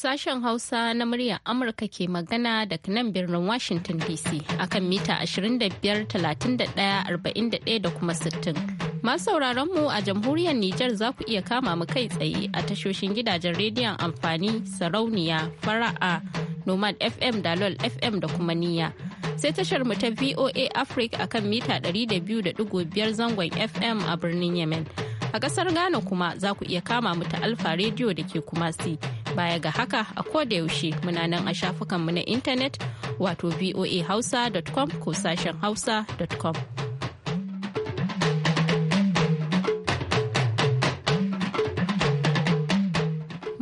Sashen Hausa na muryar Amurka ke magana daga nan birnin Washington DC akan mita 25-31-41 da kuma 60. Masu sauraron mu a jamhuriyar Nijar za ku iya kama mu kai tsaye a tashoshin gidajen rediyon amfani sarauniya fara'a Nomad FM da LOL FM da kuma niya Sai tashar mu ta VOA Africa akan mita 200.5 zangon FM a birnin Yemen. A ƙasar Ghana kuma za ku iya kama mu ta Alfa Radio da ke Kumasi. Baya ga haka a yaushe muna nan a shafukanmu na intanet wato voa hausa.com ko sashen hausa.com.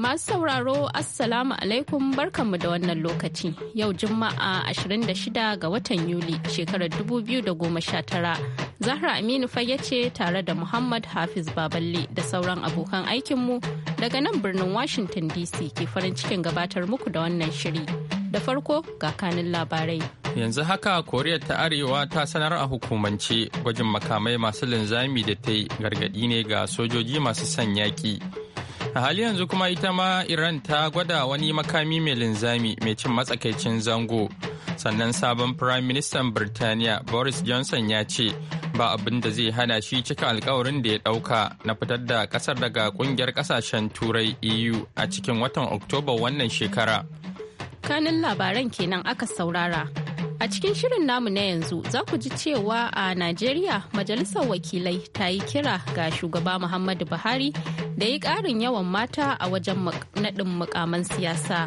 Masu sauraro Assalamu alaikum barkanmu da wannan lokaci yau Juma'a 26 ga watan Yuli shekarar 2019 Zahra Aminu fage ce tare da Muhammad Hafiz Baballe da sauran abokan aikinmu daga nan birnin Washington DC ke farin cikin gabatar muku da wannan shiri. Da farko ga kanin labarai. yanzu haka koriya ta arewa ta sanar a hukumance gwajin makamai masu linzami da ta yi gargadi ne ga sojoji masu son yaƙi a hali yanzu kuma ita ma iran ta gwada wani makami mai linzami mai cin matsakaicin zango sannan sabon prime minister birtaniya boris johnson ya ce ba abin da zai hana shi cika alkawarin da ya dauka na fitar da kasar daga kungiyar kasashen turai eu a cikin watan oktoba wannan shekara kanin labaran kenan aka saurara A cikin shirin namu na yanzu za ku ji cewa a Najeriya Majalisar Wakilai ta yi kira ga shugaba Muhammadu Buhari da yi ƙarin yawan mata a wajen naɗin mukaman siyasa.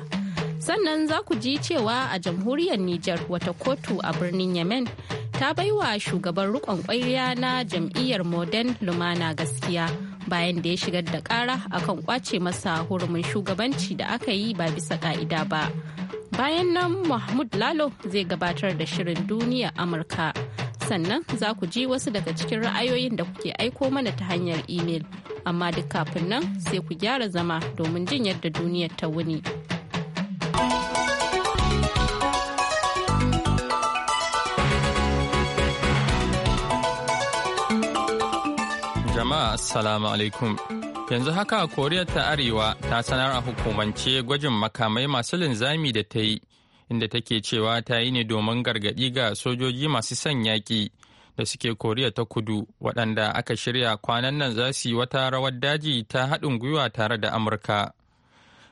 Sannan za ku ji cewa a jamhuriyar Nijar wata kotu a birnin Yemen ta baiwa shugaban rukon ƙwairiya na jam'iyyar Modern Lumana gaskiya bayan da ya shigar da ƙara akan kwace masa hurumin shugabanci da aka yi ba bisa ƙa'ida ba. Bayan nan Mahmud Lalo zai gabatar da shirin duniya Amurka. Sannan za ku ji wasu daga cikin ra'ayoyin da kuke aiko mana ta hanyar imel. Amma duk kafin nan sai ku gyara zama domin jin yadda duniyar ta wuni. Jama'a Assalamu alaikum. yanzu haka koriya ta arewa ta sanar a hukumance gwajin makamai masu linzami da ta yi inda take cewa ta yi ne domin gargaɗi ga sojoji masu son yaƙi da suke koriya ta kudu waɗanda aka shirya kwanan nan za su yi wata rawar daji ta haɗin gwiwa tare da amurka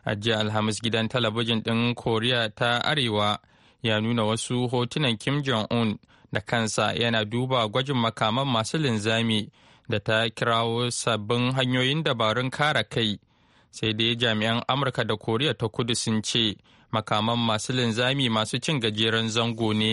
a jiya alhamis gidan talabijin ɗin koriya ta arewa ya nuna wasu hotunan kim jong-un da kansa yana duba gwajin makaman masu linzami da ta kirawo sabbin hanyoyin dabarun kare kai sai dai jami'an amurka da koriya ta kudu sun ce makaman masu linzami masu cin gajeren zango ne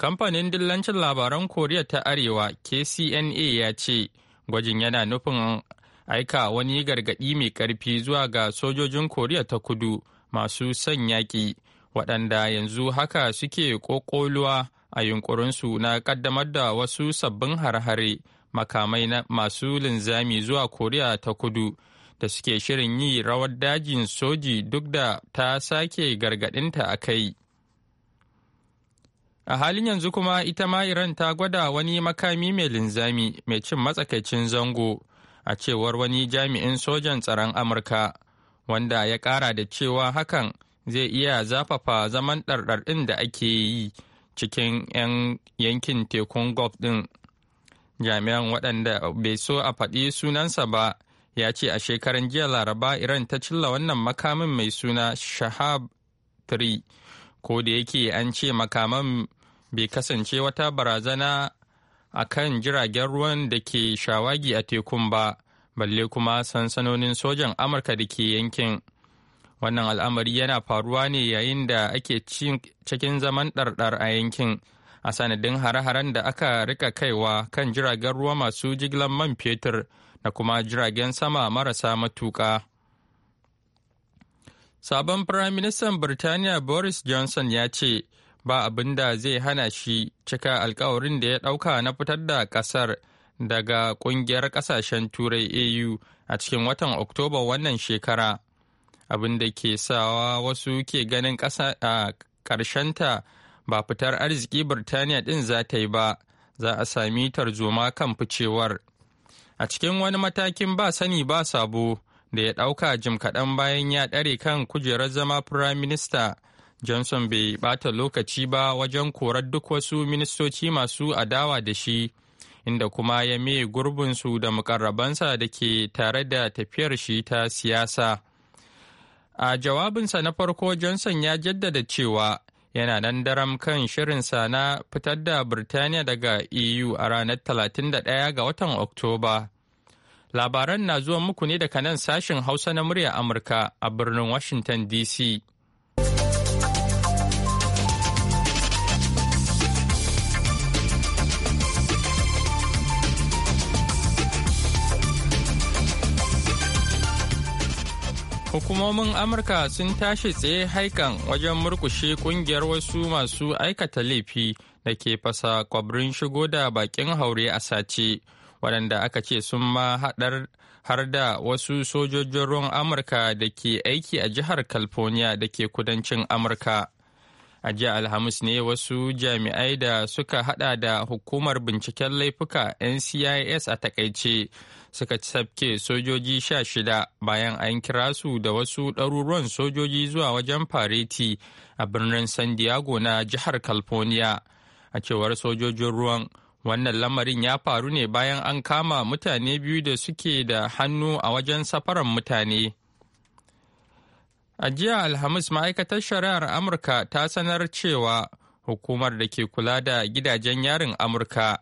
kamfanin dillancin labaran koriya ta arewa kcna ya ce gwajin yana nufin aika wani gargaɗi mai ƙarfi zuwa ga sojojin koriya ta kudu masu son yaƙi waɗanda yanzu haka suke ƙoƙoluwa a yunƙurinsu na ƙaddamar da wasu sabbin har-hare makamai na masu linzami zuwa koriya ta kudu da suke shirin yi rawar dajin soji duk da ta sake gargadinta a kai a halin yanzu kuma ita ma iran ta gwada wani makami mai linzami mai cin matsakaicin zango a cewar wani jami'in sojan tsaron amurka wanda ya kara da cewa hakan zai iya zafafa zaman ɗarɗarɗin da ake yi cikin 'yan yankin tekun gulf ɗin jami'an waɗanda bai so a faɗi sunansa ba ya ce a shekaran jiya laraba iran ta cilla wannan makamin mai suna shahab 3 ko da yake an ce makaman bai kasance wata barazana a kan jiragen ruwan da ke shawagi a tekun ba balle kuma sansanonin sojan amurka da ke yankin wannan al'amari yana faruwa ne yayin da ake cikin zaman ɗarɗar a yankin a sanadin hare-haren da aka rika kaiwa kan jiragen ruwa masu jigilar man fetur da kuma jiragen sama marasa matuka. Sabon Firaministan Birtaniya Boris Johnson ya ce ba abin da zai hana shi cika alkawarin da ya ɗauka na fitar da ƙasar daga ƙungiyar ƙasashen Turai AU a cikin watan Oktoba wannan shekara. Abin da ke sawa wasu ke ganin ƙarshenta ba fitar arziki Birtaniya din za ta yi ba, za a sami tarzoma kan ficewar. A cikin wani matakin ba sani ba sabo da ya ɗauka jim kaɗan bayan ya ɗare kan kujerar zama Firayim Minista, Johnson bai bata lokaci ba wajen korar duk wasu ministoci masu adawa da shi, inda kuma ya maye gurbinsu da mukarrabansa da ke tare da tafiyar shi ta siyasa. A jawabinsa na farko Johnson ya jaddada cewa yana nan daram kan shirinsa na fitar da Birtaniya daga EU a ranar 31 ga watan Oktoba. Labaran na zuwa muku ne daga nan sashin Hausa na murya Amurka a birnin Washington DC. Hukumomin Amurka sun tashi tsaye haikan wajen murkushe kungiyar wasu masu aikata laifi da ke fasa kwabrin shigo da bakin haure a sace, waɗanda aka ce sun ma haɗar har da wasu sojojin ruwan Amurka da ke aiki a jihar California da ke kudancin Amurka. A jiya Alhamis ne wasu jami'ai da suka hada da hukumar binciken laifuka NCIS a takaice suka sabke sojoji sha shida bayan an kira su da wasu ɗaruruwan sojoji zuwa wajen fareti a birnin san diego na jihar california a cewar sojojin ruwan wannan lamarin ya faru ne bayan an kama mutane biyu da suke da hannu a wajen safaran mutane a jiya alhamis ma'aikatar shari'ar amurka ta sanar cewa hukumar da ke kula da gidajen yarin amurka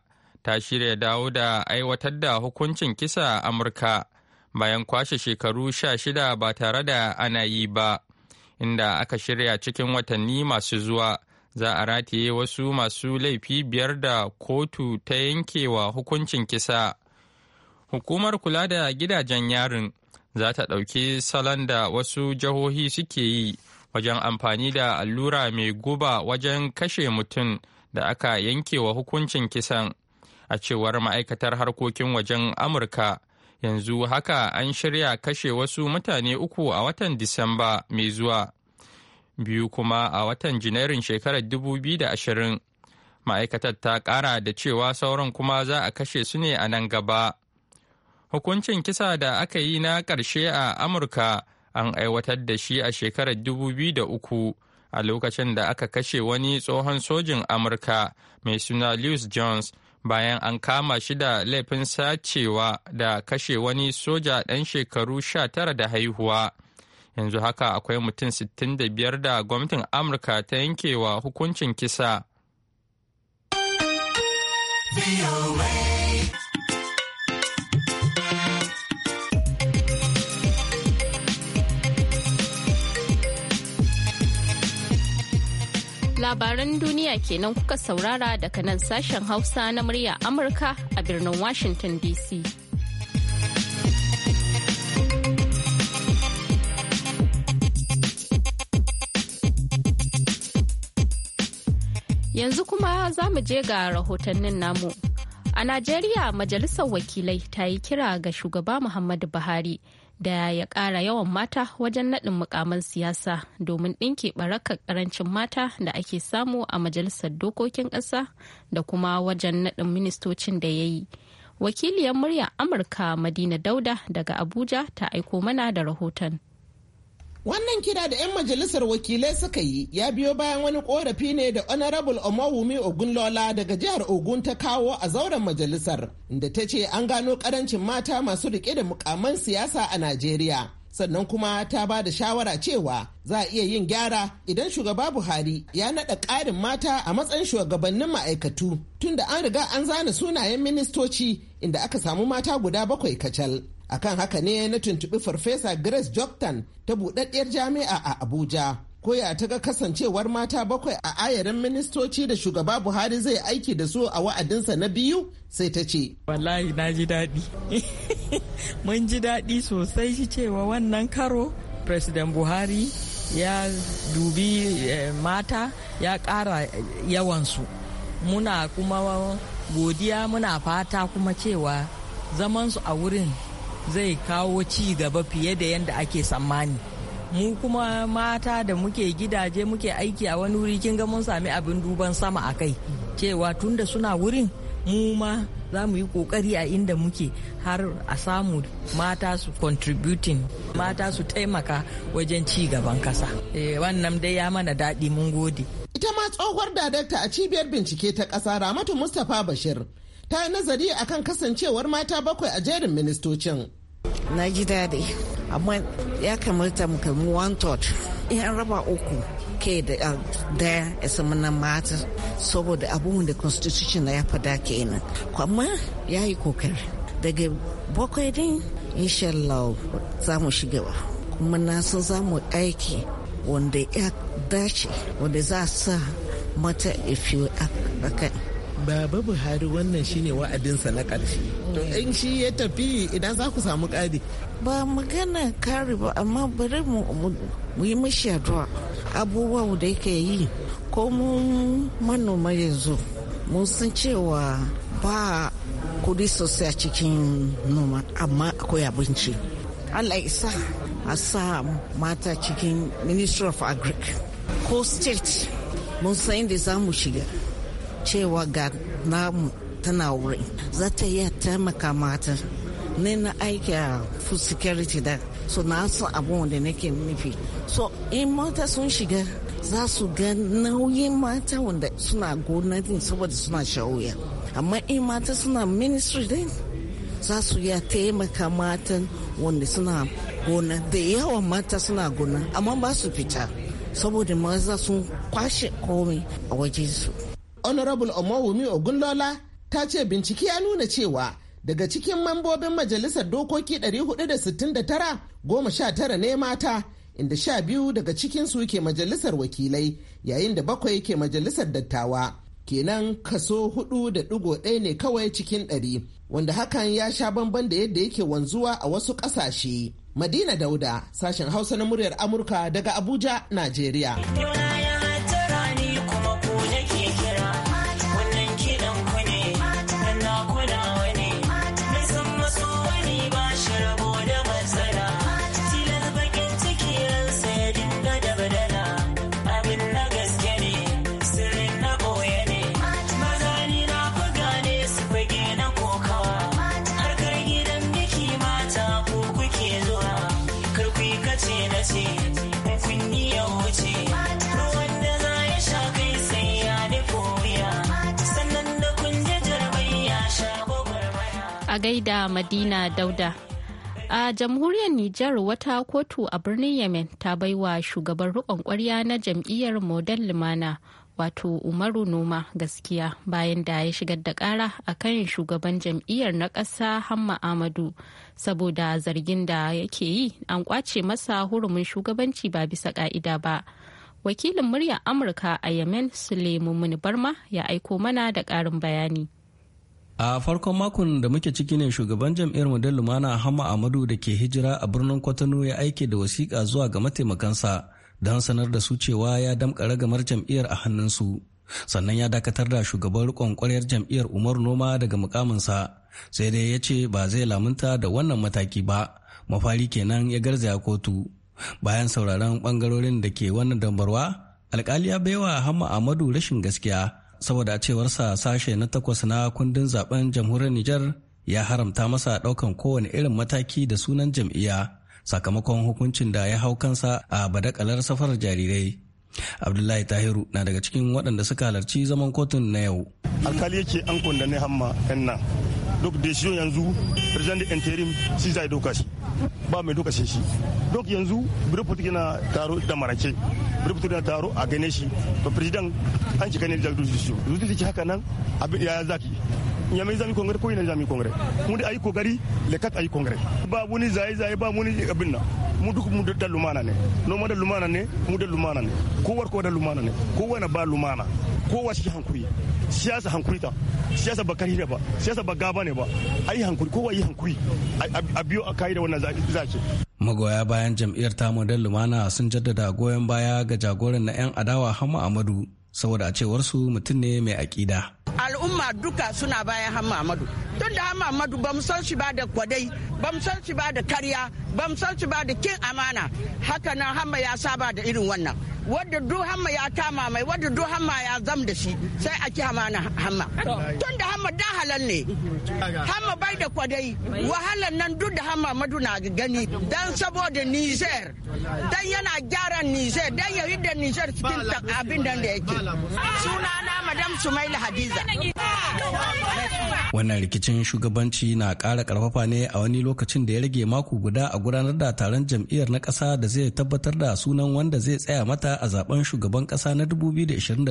ta shirya dawo da aiwatar da hukuncin kisa a Amurka bayan kwashe shekaru sha shida ba tare da ana yi ba, inda aka shirya cikin watanni masu zuwa za a rataye wasu masu laifi biyar da kotu ta yankewa hukuncin kisa. Hukumar kula da gidajen yarin za ta ɗauki salon da wasu jihohi suke yi wajen amfani da allura mai guba wajen kashe mutum da aka yankewa hukuncin kisan. a cewar ma'aikatar harkokin wajen amurka yanzu haka an shirya kashe wasu mutane uku a watan disamba mai zuwa biyu kuma a watan janairun shekarar 2020 ma'aikatar ta kara da cewa sauran kuma za a kashe su ne a nan gaba hukuncin kisa da aka yi na ƙarshe a amurka an aiwatar da shi a shekarar 2003 a lokacin da aka kashe wani tsohon sojin amurka mai suna lewis jones bayan an kama shi da laifin sacewa da kashe wani soja ɗan shekaru sha tara da haihuwa. Yanzu haka akwai mutum 65 da gwamnatin Amurka ta yankewa hukuncin kisa. Labaran duniya kenan kuka saurara daga nan sashen Hausa na murya Amurka a birnin Washington DC. Yanzu kuma za mu je ga rahotannin namu. A Najeriya Majalisar Wakilai ta yi kira ga shugaba Muhammadu Buhari da ya ƙara yawan mata wajen naɗin mukaman siyasa domin ɗinke barakar ƙarancin mata da ake samu a majalisar dokokin ƙasa da kuma wajen naɗin ministocin da ya yi. Wakiliyar muryar Amurka Madina Dauda daga Abuja ta aiko mana da rahoton. Wannan kira da 'yan majalisar wakilai suka yi ya biyo bayan wani korafi ne da Honorable Omowumi Ogunlola daga jihar Ogun ta kawo a zauren majalisar, da ta ce an gano karancin mata masu rike da mukaman siyasa a Najeriya. Sannan kuma ta ba da shawara cewa za a iya yin gyara idan shugaba Buhari ya naɗa ƙarin mata a matsayin shugabannin ma'aikatu tunda an riga an zana sunayen ministoci inda aka samu mata guda bakwai kacal. akan haka ne na tuntuɓi farfesa grace joktan ta buɗaɗɗiyar jami'a a abuja koya ta ga kasancewar mata bakwai a ayarin ministoci da shugaba buhari zai aiki da su a wa'adinsa na biyu sai ta ce wallahi na ji daɗi mun ji daɗi sosai shi cewa wannan karo president buhari ya dubi eh, mata ya ƙara yawansu muna kuma godiya muna fata kuma cewa zamansu a wurin zai kawo ci gaba fiye da yadda ake tsammani mu kuma mata da muke gidaje muke aiki a wani wuri kin ga mun sami abin duban sama a kai cewa tunda suna wurin mu ma za mu yi kokari a inda muke har a samu mata su contributing mata su taimaka wajen ci gaban kasa eh, wannan dai ya mana daɗi mun gode ita ma tsohuwar dadarta a cibiyar bincike ta ƙasa ramatu mustapha bashir ta yi nazari akan kasancewar mata bakwai a jerin ministocin. Na ji daɗi, amma ya kamata mu kami one third in an raba uku ke da daya ya samu na mata saboda abubuwan da constitution na ya fada kenan. Amma ya yi kokari daga bakwai din inshallah za mu shiga ba kuma na san za mu aiki wanda ya dace wanda za a sa mata ifiyo a Baba Buhari wannan shine wa'adinsa na ƙarshe. To mm. in shi ya tafi idan za ku samu ƙari. Ba magana kare ba amma bari mu yi mashi addu'a abubuwa da yake yi ko mu manoma yanzu mun san cewa ba kudi sosai a cikin noma amma akwai abinci. Allah isa a sa mata cikin Ministry of Agric ko state mun san inda za mu shiga. cewa ga namu tana wuri za ta iya taimaka mata ne na aiki a food security da so na san abin da nake nufi so in mata sun shiga za su ga nauyin mata wanda suna gona din saboda suna shawuya amma in mata suna ministry din za su iya taimaka mata wanda suna gona da yawan mata suna gona amma ba su fita saboda maza sun kwashe komai a waje su honorable omowumi ogunlola ta ce bincike ya nuna cewa daga cikin mambobin majalisar dokoki 469 goma sha tara ne mata inda sha biyu daga cikin su ke majalisar wakilai yayin da bakwai ke majalisar dattawa kenan kaso hudu da digo ɗaya ne kawai cikin ɗari wanda hakan ya sha bamban da yadda yake wanzuwa a wasu ƙasashe madina dauda sashen hausa na muryar amurka daga abuja najeriya a gaida Madina Dauda. A jamhuriyar Nijar wata kotu a birnin Yemen ta baiwa shugaban rikon kwarya na jam'iyyar modern Lumana wato Umaru Noma gaskiya bayan da ya shigar da kara a kan shugaban jam'iyyar na ƙasa Hamma Amadu saboda zargin da yake yi an kwace masa hurumin shugabanci ba bisa ka'ida ba. Wakilin muryar Amurka a Yemen Suleiman Barma ya aiko mana da ƙarin bayani. a farkon makon da muke ciki ne shugaban jam'iyyar mu lumana hama amadu da ke hijira a birnin kwatano ya aike da wasiƙa zuwa ga mataimakansa don sanar da su cewa ya damƙa ragamar jam'iyyar a hannunsu sannan ya dakatar da shugaban riƙon ƙwaryar jam'iyyar umar noma daga mukaminsa sai dai ya ce ba zai lamunta da wannan mataki ba mafari kenan ya garzaya kotu bayan sauraron ɓangarorin da ke wannan dambarwa alkali ya baiwa hama amadu rashin gaskiya saboda a cewarsa sashe na takwas na kundin zaben jamhuriyar Nijar ya haramta masa daukan kowane irin mataki da sunan jam'iyya sakamakon hukuncin da ya hau kansa a badakalar safar jarirai. Abdullahi Tahiru na daga cikin waɗanda suka halarci zaman kotun na yau. Alkali yake an kundane hamma yan nan donc décision yanzu president interim shi zai est shi ba mai doka shi duk yanzu na taro da marake na taro a gane shi to president an ci gane da decision zuci haka nan abin ya zaki ya mai zami kongre ko zami ayi kokari le kat ayi kongre ba wani zai zai ba wani abin nan mu duk mu da lumana ne noma da lumana ne mu da lumana ne kowar ko da lumana ne na ba lumana kowa cikin hankuri siyasa hankuri ta siyasa ba kari ne ba siyasa ba gaba ne ba a yi hankuri kowa yi hankuri a biyo a kai da wannan zaki magoya bayan jam'iyyar ta model lumana sun jaddada goyon baya ga jagoran na 'yan adawa hama amadu saboda a cewar su mutum ne mai aƙida al'umma duka suna bayan han Muhammadu. Tun da han Muhammadu ba san shi ba da kwadai, ba san shi ba da kariya ba san shi ba da kin amana. Haka nan hamma ya saba da irin wannan. wadda duk hamma ya kama mai wadda duk hamma ya zam da shi sai a ki hama hamma tun da hamma da halal ne hamma bai da kwadai wahalan nan duk da hamma na gani dan saboda niger dan yana gyara niger dan yayi da niger cikin abin da yake sunana madam sumaila hadiza Não, não, não, Wannan rikicin shugabanci na ƙara ƙarfafa ne a wani lokacin da ya rage mako guda a gudanar da taron jam'iyyar na ƙasa da zai tabbatar da sunan wanda zai tsaya mata a zaben shugaban ƙasa na 2021.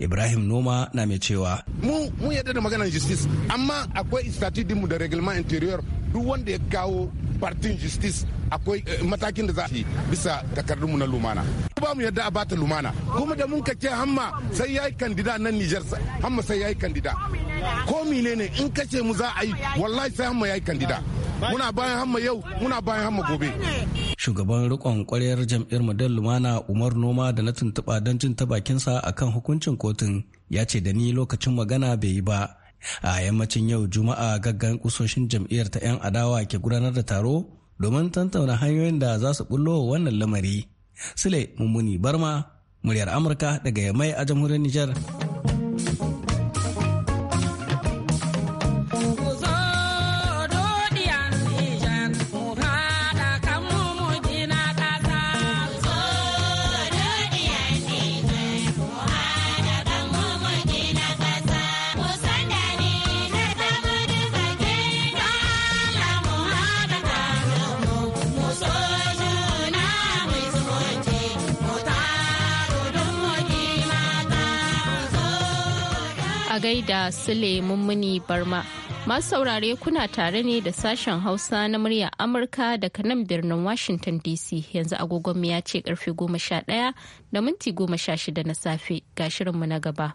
Ibrahim Noma na mai cewa. Mu mu yadda da maganar justice amma akwai statut dinmu da reglement interior duk wanda ya kawo partin justice akwai eh, matakin da za a yi bisa takardunmu na lumana. ba mu yadda a bata lumana kuma da mun kake hamma sai yayi kandida nan Niger hamma sai yayi kandida komi ne ne in kace mu za a yi wallahi sai hamma yayi kandida muna bayan hamma yau muna bayan hamma gobe shugaban rikon kwaryar jam'iyyar madal lumana umar noma da na tuntuɓa don jin ta bakinsa akan hukuncin kotun ya ce da ni lokacin magana bai yi ba a yammacin yau juma'a gaggan kusoshin jam'iyyar ta 'yan adawa ke gudanar da taro domin tantauna hanyoyin da za su bullo wannan lamari sule mummuni barma muryar amurka daga yamai a jamhuriyar nijar Sule Mummuni Barma. Masu saurare kuna tare ne da sashen Hausa na murya Amurka daga nan birnin Washington DC yanzu agogonmu ya ce karfe 11 da minti 16 na safe ga shirinmu na gaba.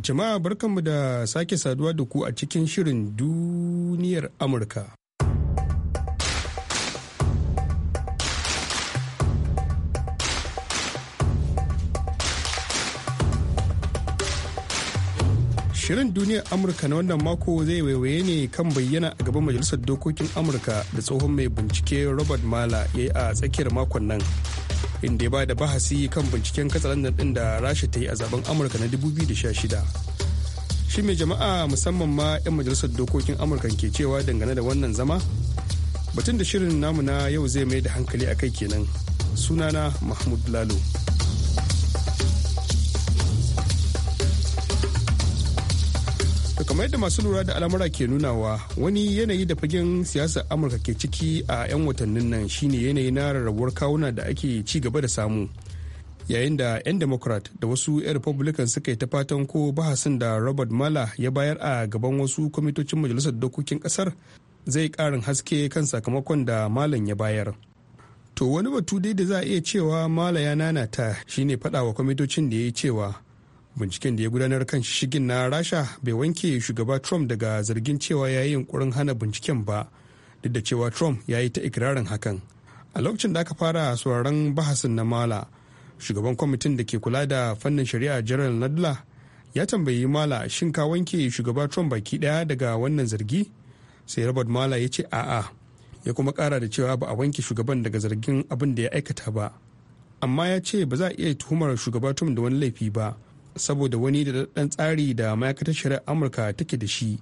Jama'a barkanmu da sake saduwa da ku a cikin shirin duniyar Amurka. Shirin duniyar Amurka na wannan mako zai waiwaye ne kan bayyana a gaban Majalisar Dokokin Amurka da tsohon mai bincike Robert Mala ya yi a tsakiyar makon nan. Inda ya ba da bahasi kan binciken katsalandar ɗin da Rasha ta yi a zaben Amurka na 2016. Shi mai jama'a musamman ma 'yan Majalisar Dokokin Amurka ke cewa dangane da wannan zama? Batun da shirin namu na yau zai mai da hankali a kai kenan. Sunana Mahmud Lalo. kamar yadda masu lura da al'amura ke nunawa wani yanayi da fagen siyasar amurka ke ciki a 'yan watannin nan shine yanayi na rarrabuwar kawuna da ake ci gaba da samu yayin da 'yan democrat da wasu 'yan republican suka yi ta fatan ko bahasin da robert mala ya bayar a gaban wasu kwamitocin majalisar dokokin kasar zai karin haske kan sakamakon da malam ya bayar to wani batu dai da za a iya cewa mala ya nanata shine faɗawa kwamitocin da ya yi cewa binciken da ya gudanar kan shigin na rasha bai wanke shugaba trump daga zargin cewa ya yi yunkurin hana binciken ba duk da cewa trump ya yi ta ikirarin hakan a lokacin da aka fara sauraron bahasin na mala shugaban kwamitin da ke kula da fannin shari'a general nadla ya tambayi mala shin ka wanke shugaba trump baki daya daga wannan zargi sai robert mala ya ce a'a ya kuma kara da cewa ba a wanke shugaban daga zargin abin da ya aikata ba amma ya ce ba za a iya tuhumar shugaba trump da wani laifi ba saboda wani daɗaɗɗen tsari da ma'aikatar shari'ar amurka take da shi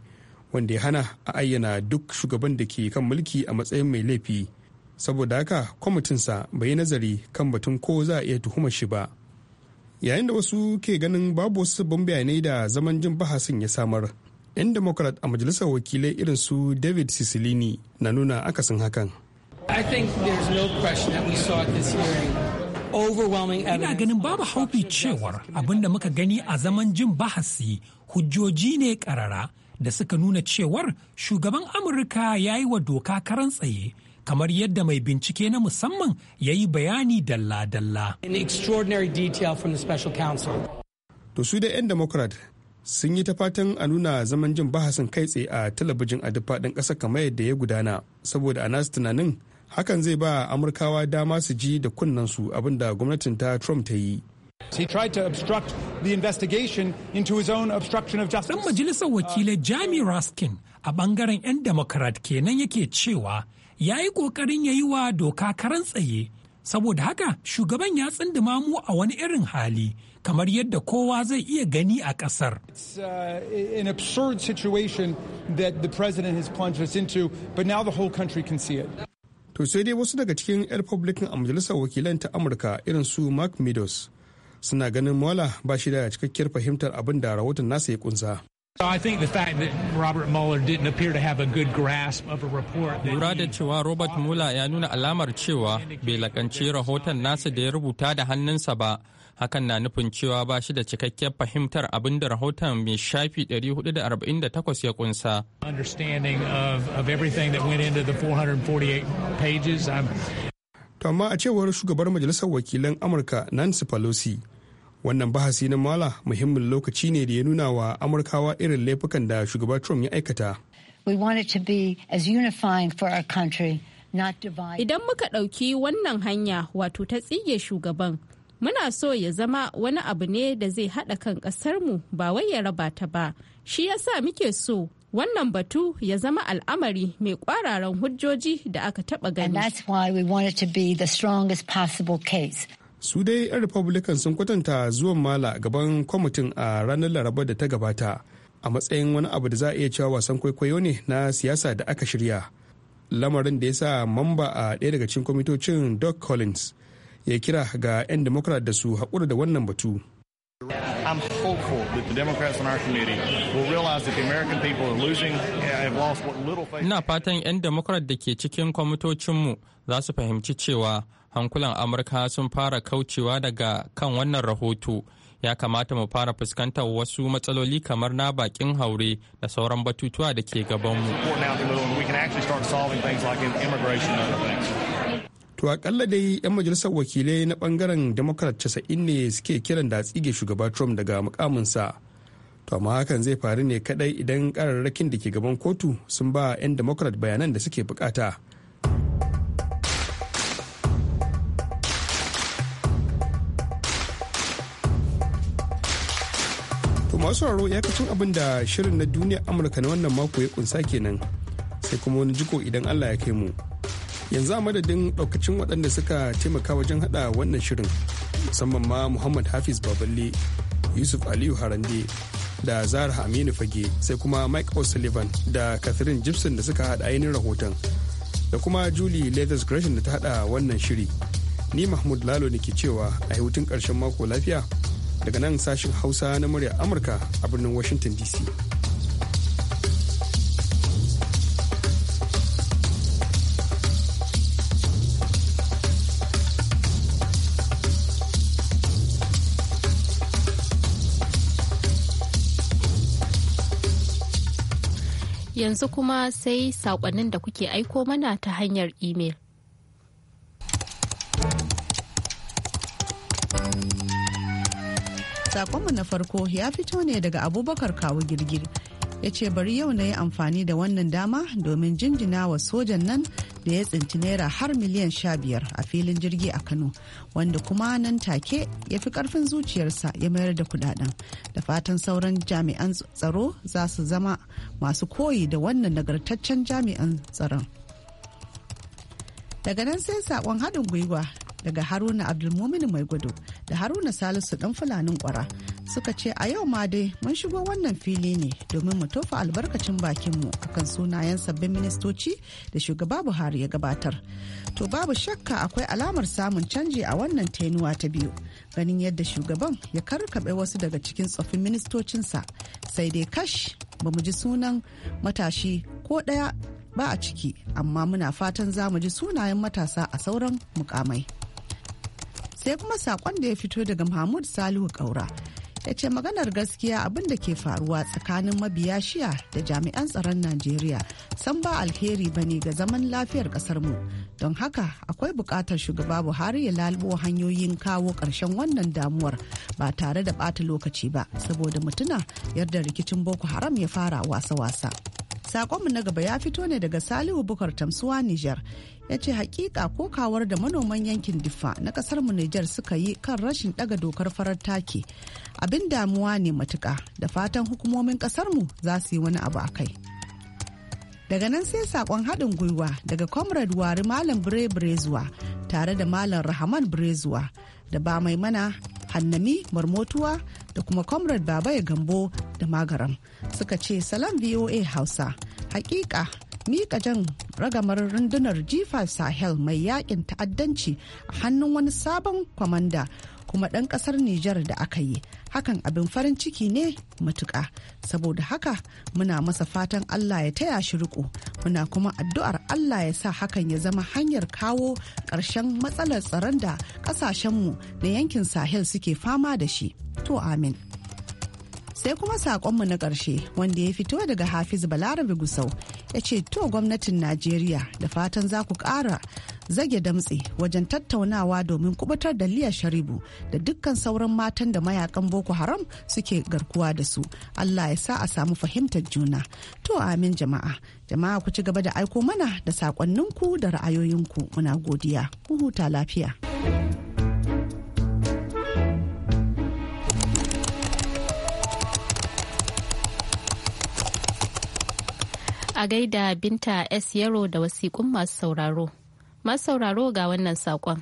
wanda ya hana a ayyana duk shugaban da ke kan mulki a matsayin mai laifi saboda haka kwamitinsa bai yi nazari kan batun ko za a iya tuhumar shi ba yayin da wasu ke ganin babu wasu sabbin bayanai da zaman jin bahasin ya samar 'yan democrat a majalisar wakilai irin su david sicilini na nuna akasin hakan I think there's no question that we saw at this hearing Ina ganin babu haufi cewar abin da muka gani a zaman jin bahasi hujjoji ne karara da suka nuna cewar shugaban Amurka ya yi wa doka karan tsaye. kamar yadda mai bincike na musamman ya yi bayani dalla-dalla. To su da 'yan Democrat sun yi ta fatan a nuna zaman jin bahasin kai tsaye a talabijin a duk faɗin ƙasa kamar yadda ya gudana saboda a nasu tunanin hakan zai ba amurkawa dama su ji da kunnansu abinda gwamnatin ta trump ta yi He tried to obstruct the investigation into his own obstruction of justice. Dan majalisar wakilai Jamie Raskin a bangaren 'yan Democrat kenan yake cewa ya yi ƙoƙarin ya wa doka karan tsaye. Saboda haka shugaban ya tsindima mu a wani irin hali kamar yadda kowa zai iya gani a ƙasar. Uh, an absurd situation that the president has plunged us into, but now the whole country can see it. to sai dai wasu daga cikin 'yan republican a majalisar wakilan ta amurka irin su mark meadows suna ganin mola ba shi da cikakkiyar fahimtar abin da rahoton nasa ya kunsa Lura da cewa Robert Mueller ya nuna alamar cewa bai lakance rahoton nasa da ya rubuta da hannunsa ba hakan na nufin cewa ba shi da cikakkiyar fahimtar abin da rahoton mai shafi 448 ya kunsa. Tamma amma a cewar shugabar majalisar wakilan Amurka Nancy Pelosi, wannan bahasi na mala muhimmin lokaci ne da ya nuna wa Amurkawa irin laifukan da shugaba Trump ya aikata. We want to be as unifying for our country. Idan muka ɗauki wannan hanya wato ta tsige shugaban muna so ya zama wani abu ne da zai haɗa kan ƙasarmu ba wai ya raba ta ba shi yasa muke so wannan batu ya zama al'amari mai kwararan hujjoji da aka taɓa gani. we want to be the strongest possible case. Su dai 'yan Republican sun kwatanta zuwan mala gaban kwamitin a ranar Laraba da ta gabata a matsayin wani abu da za a iya cewa wasan kwaikwayo ne na siyasa da aka shirya. Lamarin da ya sa mamba a ɗaya daga cikin kwamitocin doc Collins ya kira ga 'yan democrat da su haƙura da wannan batu I'm Ina fatan 'yan Democrat da ke cikin kwamitocinmu za su fahimci cewa hankulan Amurka sun fara kaucewa daga kan wannan rahoto. Ya kamata mu fara fuskantar wasu matsaloli kamar na bakin haure da sauran batutuwa da ke gabanmu. to akalla dai 'yan majalisar wakilai na bangaren democrat 90 ne suke kiran da tsige shugaba trump daga mukaminsa to amma hakan zai faru ne kadai idan kararrakin da ke gaban kotu sun ba 'yan democrat bayanan da suke bukata masu sauraro kacin abin da shirin na duniya amurka na wannan mako ya kunsa kenan sai kuma wani jiko idan allah ya kai mu yanzu a madadin daukacin waɗanda suka taimaka wajen hada wannan shirin musamman ma muhammad hafiz baballe yusuf aliyu harande da zara aminu fage sai kuma mike o'sullivan da catherine gibson da suka hada ainihin rahoton da kuma julie leathers gresham da ta hada wannan shiri ni mahmud lalo ne ke cewa a hutun karshen mako lafiya daga nan sashen hausa na murya amurka a birnin washington dc yanzu kuma sai saƙonnin da kuke aiko mana ta hanyar imel. Sakonmu na farko ya fito ne daga abubakar kawo girgir ya ce bari yau na yi amfani da wannan dama domin jinjina wa sojan nan da ya tsinci naira har miliyan sha biyar a filin jirgi a kano wanda kuma nan take ya fi karfin zuciyarsa ya mayar da kudaden da fatan sauran jami'an tsaro za su zama masu koyi da wannan nagartaccen jami'an tsaron daga nan sai sakon haɗin gwiwa daga haruna abdulmumin mai gudu da haruna salisu ɗan fulanin ƙwara. suka ce a yau ma dai mun shigo wannan fili ne domin mu tofa albarkacin bakinmu akan sunayen sabbin ministoci da shugaba buhari ya gabatar to babu shakka akwai alamar samun canji a wannan tenuwa ta biyu ganin yadda shugaban ya karkaɓe wasu daga cikin tsoffin ministocinsa sai dai kash ba mu ji sunan matashi ko ɗaya ba a ciki amma muna fatan za mu ji sunayen matasa a sauran mukamai sai kuma saƙon da ya fito daga mahmud salihu kaura ya ce maganar gaskiya abin da ke faruwa tsakanin mabiya shiya da jami'an tsaron najeriya san ba alheri ba ne ga zaman lafiyar mu don haka akwai bukatar shugaba buhari ya lalbo hanyoyin kawo karshen wannan damuwar ba tare da bata lokaci ba saboda mutuna yadda rikicin boko haram ya fara wasa-wasa. Sakonmu na gaba ya fito ne daga Salihu Bukar Tamsuwa Nijar. Ya ce hakika ko kawar da manoman yankin difa na kasar mu Nijar suka yi kan rashin daga dokar farar take. Abin damuwa ne matuka da fatan hukumomin kasar mu za su yi wani abu a kai. Daga nan sai sakon haɗin gwiwa daga Comrade Wari Malam Bire brezuwa tare da Malam Rahman Birezuwa da ba mai mana Hannami Marmotuwa da kuma comrade ya Gambo da Magaram suka ce salam VOA Hausa. Hakika mika jan ragamar rundunar jifa Sahel mai yakin ta'addanci a hannun wani sabon kwamanda kuma ɗan ƙasar Nijar da aka yi. Hakan abin farin ciki ne matuƙa. Saboda haka muna masa fatan Allah ya taya shi riko. Muna kuma addu'ar Allah ya sa hakan ya zama hanyar kawo ƙarshen matsalar tsaron da ƙasashenmu na yankin Sahel suke fama da shi. To amin. sai kuma saƙonmu na ƙarshe wanda ya fito daga hafiz balarabe gusau ya ce to gwamnatin najeriya da fatan za ku ƙara zage damtse wajen tattaunawa domin kubutar da liya sharibu da dukkan sauran matan da mayakan boko haram suke garkuwa da su allah ya sa a samu fahimtar juna to amin jama'a jama'a ku ci gaba da aiko mana da sakonninku da ra'ayoyinku muna godiya ku huta lafiya a gaida binta s yaro da wasiƙun masu sauraro masu sauraro ga wannan saƙon.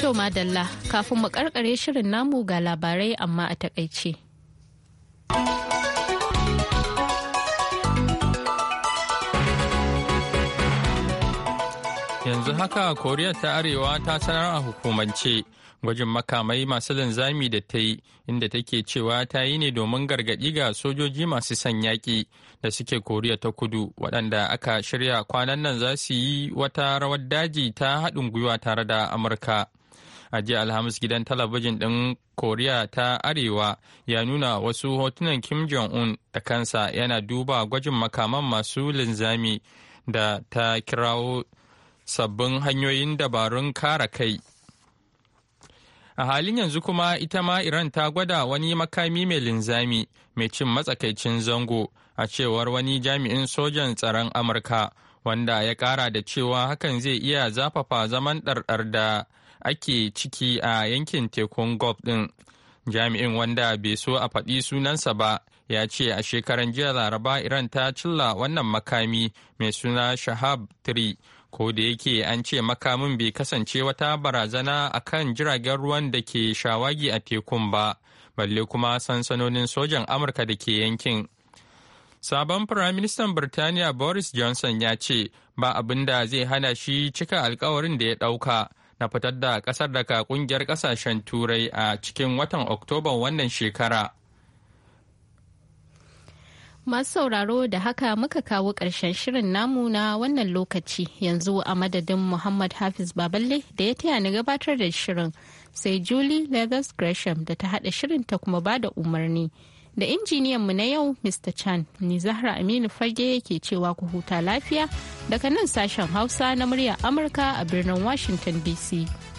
To Madalla, kafin mu karkare shirin namu ga labarai amma a takaice. Yanzu haka Koriya ta Arewa ta sanar a hukumance gwajin makamai masu linzami da ta yi inda take cewa ta yi ne domin gargaɗi ga sojoji masu son yaƙi da suke Koriya ta kudu waɗanda aka shirya kwanan nan za su yi wata rawar daji ta haɗin gwiwa tare da Amurka. a jiya alhamis gidan talabijin ɗin koriya ta arewa ya nuna wasu hotunan kim jong-un da kansa yana duba gwajin makaman masu linzami da ta kirawo sabbin hanyoyin dabarun kare kai. A halin yanzu kuma ita ma Iran ta gwada wani makami mai linzami mai cin matsakaicin zango a cewar wani jami'in sojan tsaron Amurka wanda ya kara da cewa hakan zai iya zafafa zaman ɗarɗar da ake ciki a yankin tekun Gulf ɗin. Jami'in wanda bai so a faɗi sunansa ba ya ce a shekaran jiya laraba Iran ta cilla wannan makami mai suna Shahab 3 ko da yake an ce makamin bai kasance wata barazana a kan jiragen ruwan da ke shawagi a tekun ba balle kuma sansanonin sojan amurka da ke yankin sabon firaministan birtaniya boris johnson ya ce ba abin da zai hana shi cika alkawarin da ya dauka na fitar da kasar daga kungiyar kasashen turai a cikin watan oktoba wannan shekara Masu sauraro da haka muka kawo ƙarshen shirin namu na wannan lokaci yanzu a madadin Muhammad Hafiz Baballe da ya taya ni gabatar da shirin sai Julie Leathers Gresham da ta haɗa shirin ta kuma bada umarni. Da injiniyan mu na yau Mr. Chan ni Zahra Aminu Fage yake cewa ku huta lafiya daga nan sashen Hausa na murya Amurka a birnin Washington DC.